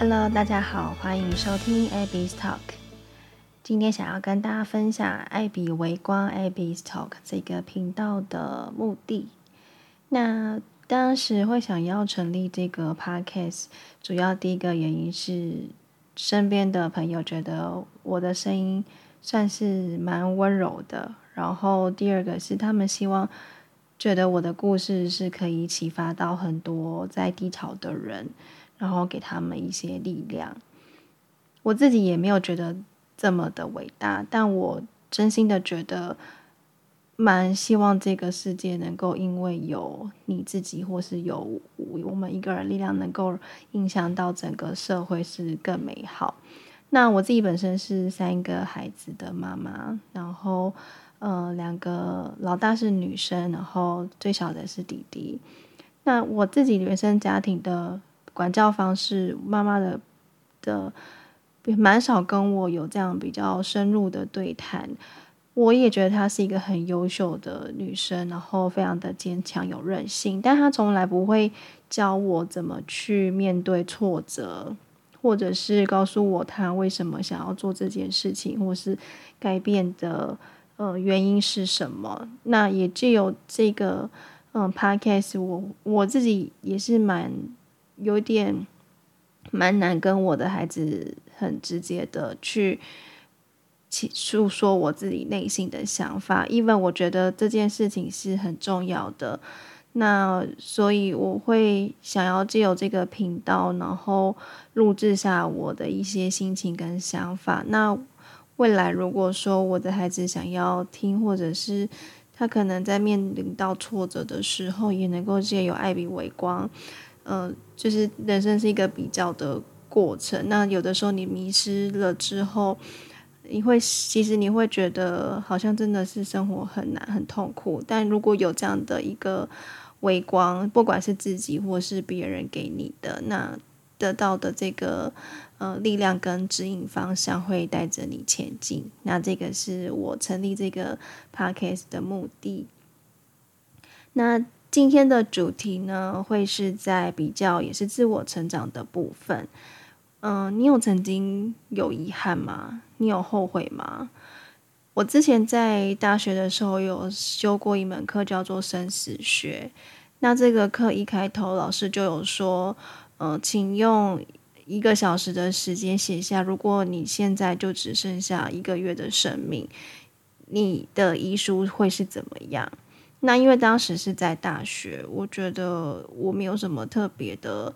Hello，大家好，歡迎收聽 Abby's Talk。今天想要跟大家分享艾比微光 Abby's Talk 這個頻道的目的。那當時會想要成立這個 podcast，主要第一個原因是身邊的朋友覺得我的聲音算是蠻溫柔的，然後第二個是他們希望覺得我的故事是可以啟發到很多在低潮的人。然後給他們一些力量，我自己也沒有覺得這麼的偉大，但我真心的覺得蠻希望這個世界能夠因為有你自己或是有我們一個人力量，能夠影響到整個社會是更美好。那我自己本身是三個孩子的媽媽，然後呃，兩個老大是女生，然後最小的是弟弟。那我自己原生家庭的。管教方式，媽媽的的蠻少跟我有這樣比較深入的對談。我也覺得她是一個很優秀的女生，然後非常的堅強有韌性，但她從來不會教我怎麼去面對挫折，或者是告訴我她為什麼想要做這件事情，或是改變的呃原因是什麼。那也借由這個嗯、呃、podcast，我我自己也是蠻。有一點蠻難跟我的孩子很直接的去訴說我自己內心的想法，因為我覺得這件事情是很重要的。那所以我會想要借由這個頻道，然後錄制下我的一些心情跟想法。那未來如果說我的孩子想要聽，或者是他可能在面臨到挫折的時候，也能夠借由艾比微光。嗯、呃，就是人生是一個比較的過程。那有的時候你迷失了之後，你會其實你會覺得好像真的是生活很難、很痛苦。但如果有這樣的一個微光，不管是自己或是別人給你的，那得到的這個呃力量跟指引方向，會帶着你前進。那這個是我成立這個 podcast 的目的。那。今天的主題呢，會是在比較也是自我成長的部分。嗯、呃，你有曾經有遺憾嗎？你有後悔嗎？我之前在大學的時候有修過一門課叫做生死學。那這個課一開頭，老師就有說，嗯、呃，請用一個小時的時間寫下，如果你現在就只剩下一個月的生命，你的遺書會是怎麼樣？那因為當時是在大學，我覺得我沒有什麼特別的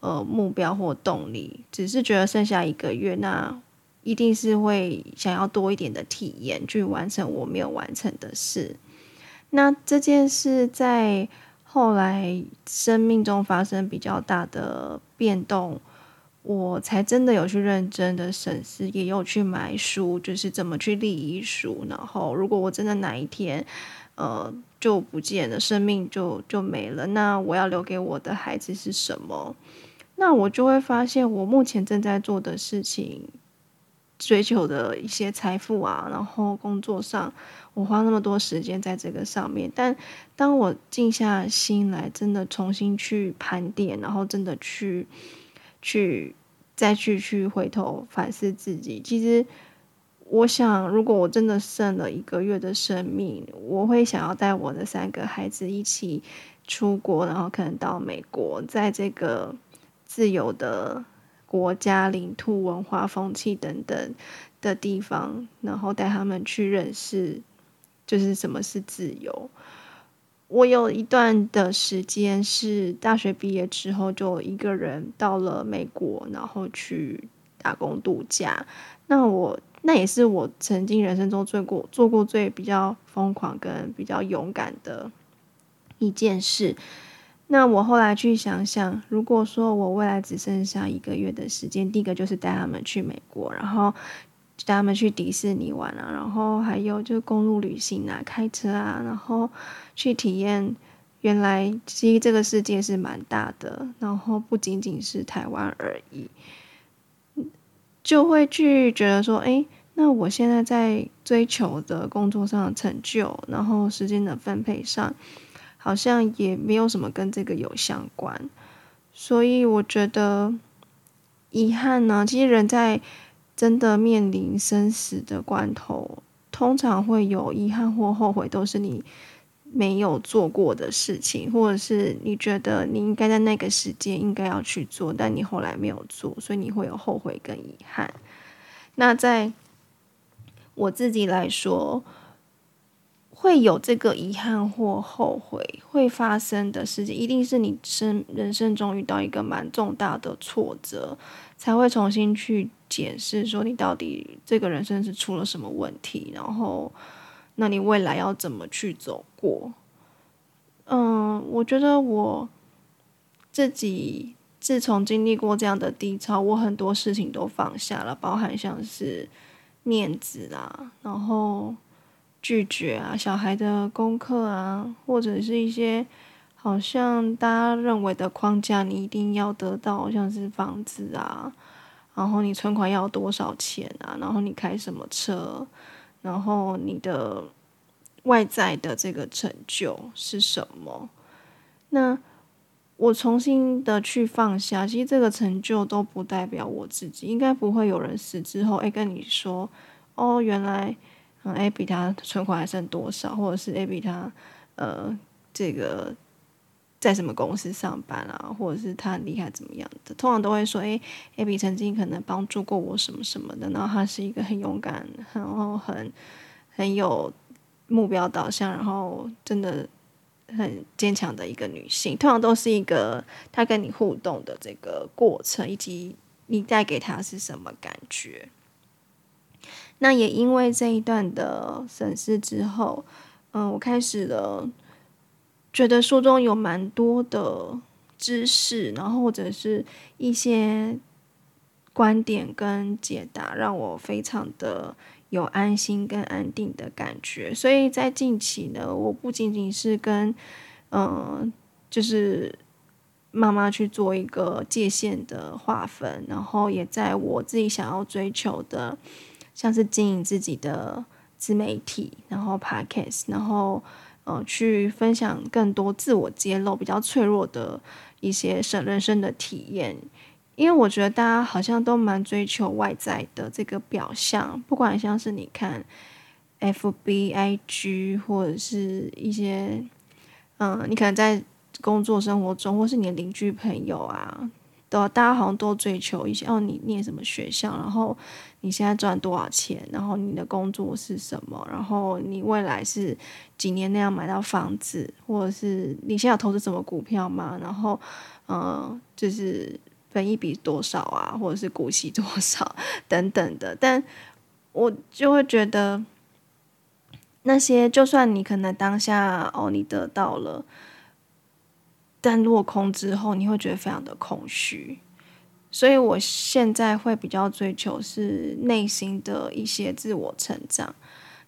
呃目標或動力，只是覺得剩下一個月，那一定是會想要多一點的體驗，去完成我沒有完成的事。那這件事在後來生命中發生比較大的變動，我才真的有去認真的審視，也有去買書，就是怎麼去立遺書。然後，如果我真的哪一天呃。就不見了，生命就就沒了。那我要留給我的孩子是什麼？那我就會發現，我目前正在做的事情，追求的一些財富啊，然後工作上，我花那麼多時間在這個上面。但當我靜下心來，真的重新去盤點，然後真的去去再去去回頭反思自己，其實。我想，如果我真的剩了一個月的生命，我會想要帶我的三個孩子一起出國，然後可能到美國，在這個自由的國家、領土、文化、風氣等等的地方，然後帶他們去認識，就是什麼是自由。我有一段的時間是大學畢業之後就一個人到了美國，然後去打工度假。那我。那也是我曾經人生中最過做過最比較瘋狂跟比較勇敢的一件事。那我後來去想想，如果說我未來只剩下一個月的時間，第一個就是帶他們去美國，然後帶他們去迪士尼玩啊，然後還有就是公路旅行啊，開車啊，然後去體驗原來其實這個世界是蠻大的，然後不僅僅是台灣而已。就會去覺得說，誒，那我現在在追求的工作上的成就，然後時間的分配上，好像也沒有什麼跟這個有相關。所以我覺得遺憾呢、啊，其實人在真的面臨生死的關頭，通常會有遺憾或後悔，都是你。沒有做過的事情，或者是你覺得你應該在那個時間應該要去做，但你後來沒有做，所以你會有後悔跟遺憾。那在我自己來說，會有這個遺憾或後悔會發生的事情，一定是你人生中遇到一個蠻重大的挫折，才會重新去解釋說你到底這個人生是出了什麼問題，然後。那你未來要怎麼去走過？嗯，我覺得我自己自從經歷過這樣的低潮，我很多事情都放下了，包含像是面子啊，然後拒絕啊，小孩的功課啊，或者是一些好像大家認為的框架，你一定要得到，像是房子啊，然後你存款要多少錢啊，然後你開什麼車。然後你的外在的這個成就是什麼？那我重新的去放下，其實這個成就都不代表我自己，應該不會有人死之後哎，跟你說，哦，原來、嗯、哎，比他存款還剩多少，或者是哎，比他呃這個。在什麼公司上班啊，或者是他很厲害怎麼樣的？通常都會說，哎、欸，Abby、欸、曾經可能幫助過我什麼什麼的。然後她是一個很勇敢，很哦、很很有目標導向，然後真的很堅強的一個女性。通常都是一個她跟你互動的這個過程，以及你帶給她是什麼感覺。那也因為這一段的損失之後，嗯，我開始了。覺得書中有蠻多的知識，然後或者是一些觀點跟解答，讓我非常的有安心跟安定的感覺。所以在近期呢，我不僅僅是跟嗯、呃，就是媽媽去做一個界限的劃分，然後也在我自己想要追求的，像是經營自己的自媒體，然後 podcast，然後。嗯，去分享更多自我揭露，比較脆弱的一些生人生的體驗，因為我覺得大家好像都蠻追求外在的這個表象，不管像是你看 FB、IG 或者是一些，嗯，你可能在工作生活中或是你的鄰居朋友啊。大家好像都追求一些哦，你念什麼學校？然後你現在賺多少錢？然後你的工作是什麼？然後你未來是幾年內要買到房子，或者是你現在有投資什麼股票嗎？然後，嗯，就是本益比多少啊，或者是股息多少等等的。但我就會覺得那些，就算你可能當下哦，你得到了。但落空之後，你會覺得非常的空虛，所以我現在會比較追求是內心的一些自我成長，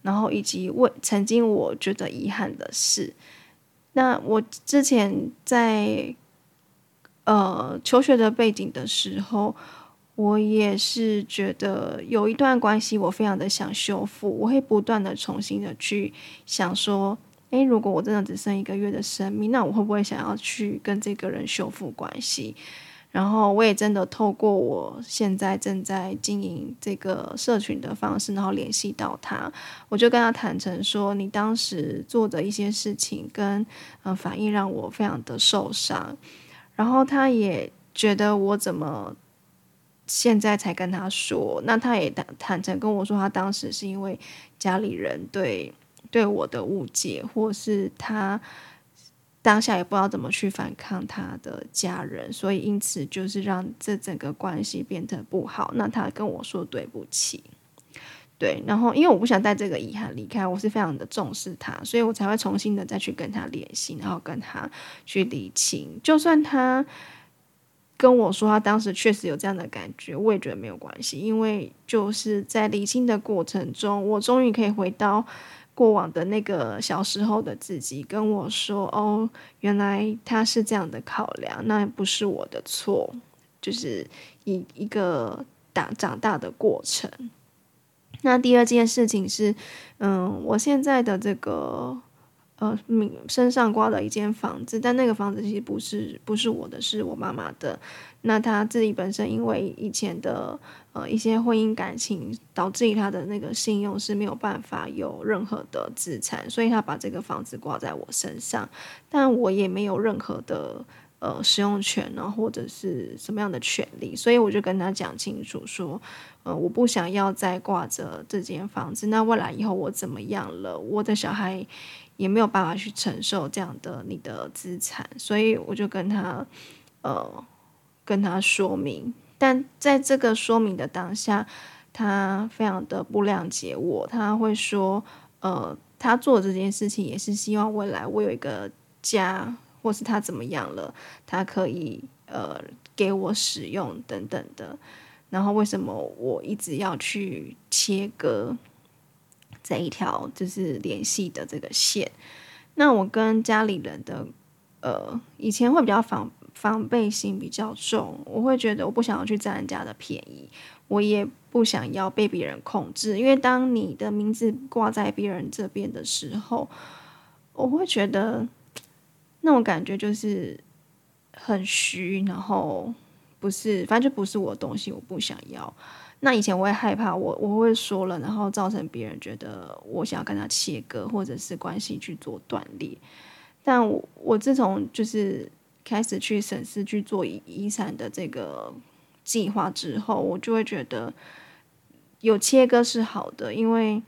然後以及為曾經我覺得遺憾的事。那我之前在呃求學的背景的時候，我也是覺得有一段關係，我非常的想修復，我會不斷的重新的去想說。哎，如果我真的只剩一個月的生命，那我會不會想要去跟這個人修復關係？然後我也真的透過我現在正在經營這個社群的方式，然後聯繫到他。我就跟他坦誠說，你當時做的一些事情跟、呃、反應讓我非常的受傷。然後他也覺得我怎麼現在才跟他說？那他也坦坦誠跟我說，他當時是因為家裡人對。對我的誤解，或是他當下也不知道怎麼去反抗他的家人，所以因此就是讓這整個關係變得不好。那他跟我說對不起，對，然後因為我不想帶這個遺憾離開，我是非常的重視他，所以我才會重新的再去跟他聯繫，然後跟他去理清。就算他跟我說他當時確實有這樣的感覺，我也覺得沒有關係，因為就是在理清的過程中，我終於可以回到。過往的那個小時候的自己跟我說：“哦，原來他是這樣的考量，那不是我的錯。”就是一一個長長大的過程。那第二件事情是，嗯，我現在的這個。呃，身上掛了一間房子，但那個房子其實不是，不是我的，是我媽媽的。那他自己本身因為以前的呃一些婚姻感情，導致於他的那個信用是沒有辦法有任何的資產，所以他把這個房子掛在我身上，但我也沒有任何的。呃，使用權呢，或者是什麼樣的權利？所以我就跟他講清楚說，呃，我不想要再掛着這間房子。那未來以後我怎麼樣了？我的小孩也沒有辦法去承受這樣的你的資產。所以我就跟他，呃，跟他說明，但在這個說明的當下，他非常的不諒解我。他會說，呃，他做這件事情也是希望未來我有一個家。或是他怎麼樣了？他可以呃給我使用等等的。然後為什麼我一直要去切割這一條就是聯繫的這個線？那我跟家裡人的呃，以前會比較防防備心比較重，我會覺得我不想要去佔人家的便宜，我也不想要被別人控制。因為當你的名字掛在別人這邊的時候，我會覺得。那種感覺就是很虛，然後不是，反正就不是我的東西，我不想要。那以前我也害怕，我我會說了，然後造成別人覺得我想要跟他切割，或者是關係去做斷裂。但我我自從就是開始去審視去做遺產的這個計劃之後，我就會覺得有切割是好的，因為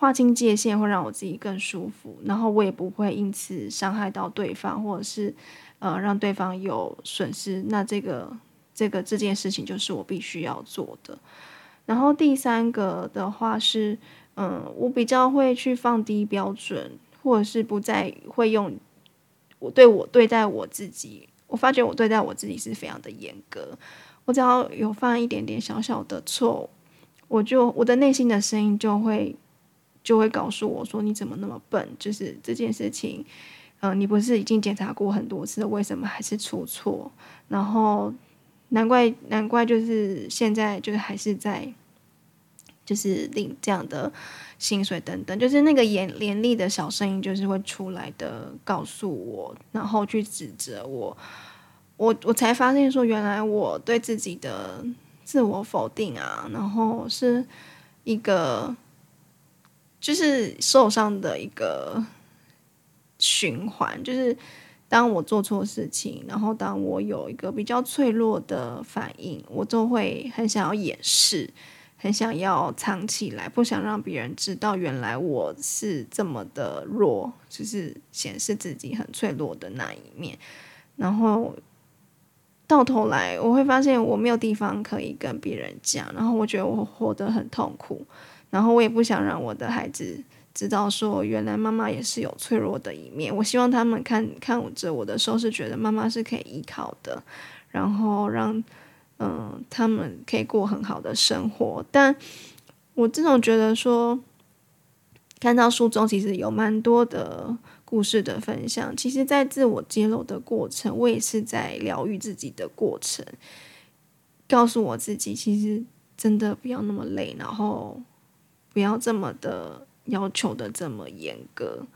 劃清界限會讓我自己更舒服，然後我也不會因此傷害到對方，或者是呃讓對方有損失。那這個這個這件事情就是我必須要做的。然後第三個的話是，嗯、呃，我比較會去放低標準，或者是不再會用我對我對待我自己。我發覺我對待我自己是非常的嚴格。我只要有犯一點點小小的錯，我就我的內心的聲音就會。就會告訴我說：“你怎麼那麼笨？就是這件事情，嗯、呃，你不是已經檢查過很多次，為什麼還是出錯？然後難怪，難怪，就是現在就是還是在，就是領這樣的薪水等等，就是那個嚴嚴厲的小聲音就是會出來的，告訴我，然後去指責我。我我才發現說，原來我對自己的自我否定啊，然後是一個。”就是受傷的一個循環，就是當我做錯事情，然後當我有一個比較脆弱的反應，我就會很想要掩飾，很想要藏起來，不想讓別人知道，原來我是這麼的弱，就是顯示自己很脆弱的那一面。然後到頭來，我會發現我沒有地方可以跟別人講，然後我覺得我活得很痛苦。然後我也不想讓我的孩子知道，說原來媽媽也是有脆弱的一面。我希望他們看看我，我的時候，是覺得媽媽是可以依靠的，然後讓嗯、呃、他們可以過很好的生活。但我這種覺得說，看到書中其實有蠻多的故事的分享，其實，在自我揭露的過程，我也是在療癒自己的過程，告訴我自己，其實真的不要那麼累，然後。不要這麼的要求的這麼嚴格，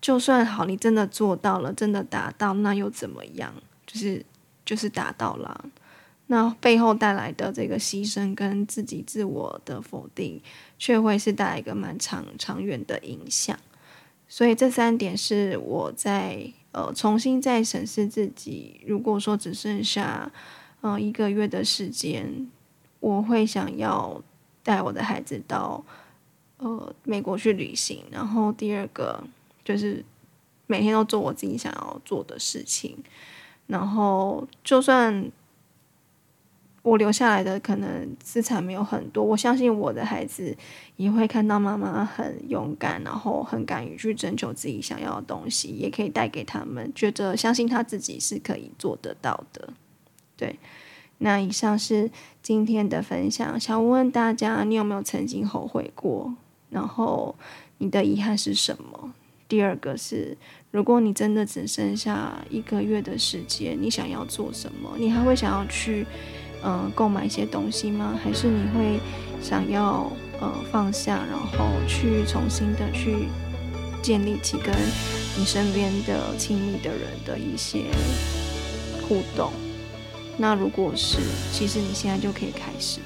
就算好，你真的做到了，真的達到，那又怎麼樣？就是，就是達到了，那背後帶來的這個犧牲跟自己自我的否定，卻會是帶來一個蠻長長遠的影響。所以這三點是我在呃重新再審視自己。如果說只剩下嗯、呃、一個月的時間，我會想要。帶我的孩子到呃美國去旅行，然後第二個就是每天都做我自己想要做的事情，然後就算我留下來的可能資產沒有很多，我相信我的孩子也會看到媽媽很勇敢，然後很敢於去徵求自己想要的東西，也可以帶給他們覺得相信他自己是可以做得到的，對。那以上是今天的分享，想問問大家，你有沒有曾經後悔過？然後你的遺憾是什麼？第二個是，如果你真的只剩下一個月的時間，你想要做什麼？你還會想要去，嗯、呃，購買一些東西嗎？還是你會想要，呃，放下，然後去重新的去建立起跟你身邊的親密的人的一些互動？那如果是，其實你現在就可以開始。